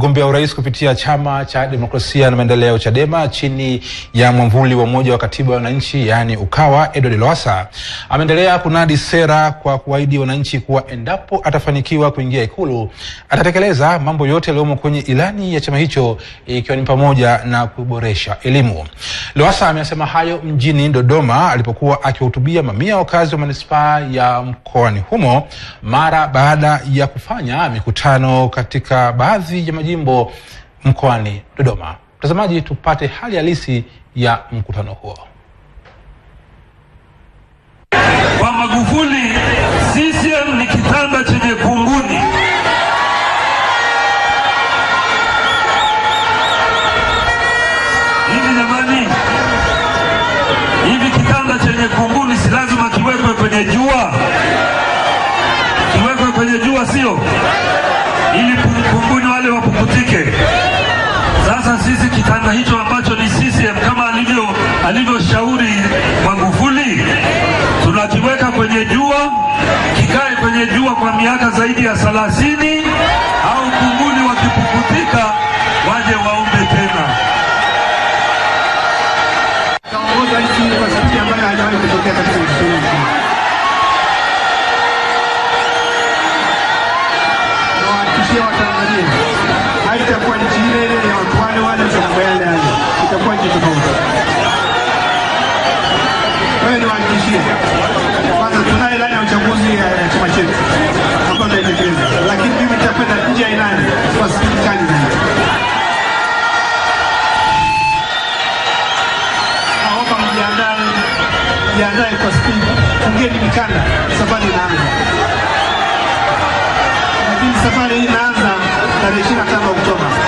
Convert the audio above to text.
mgombea urais kupitia chama cha demokrasia na maendeleo Chadema chini ya mwamvuli wa umoja wa katiba ya wananchi yaani Ukawa, Edward Lowassa ameendelea kunadi sera kwa kuahidi wananchi kuwa endapo atafanikiwa kuingia Ikulu atatekeleza mambo yote yaliyomo kwenye ilani ya chama hicho ikiwa ni pamoja na kuboresha elimu. Lowassa amesema hayo mjini Dodoma alipokuwa akiwahutubia mamia wakazi wa manispaa ya mkoani humo mara baada ya kufanya mikutano katika baadhi ya maji jimbo mkoani Dodoma. Mtazamaji, tupate hali halisi ya mkutano huo. Kwa Magufuli, CCM ni kitanda chenye kunguni. Hivi jamani, hivi kitanda chenye kunguni si lazima kiwekwe kwenye jua? Kiwekwe kwenye jua, sio ili kunguni wale wapukutike. Sasa sisi kitanda hicho ambacho ni CCM kama alivyo alivyoshauri Magufuli, tunakiweka kwenye jua, kikae kwenye jua kwa miaka zaidi ya thelathini, au kunguni wakipukutika waje waombe tena. nchi ambayo hajawahi kutokea katika quite difficult. Wewe ni wahakikishie kwanza, tunayo ilani ya uchaguzi ya chama chetu ambayo tunaitekeleza, lakini mimi nitakwenda nje ya ilani kwa spidi kali zaidi. Naomba mjiandae, mjiandae kwa spidi, fungeni mikanda, safari inaanza. Lakini safari hii inaanza tarehe 25 Oktoba.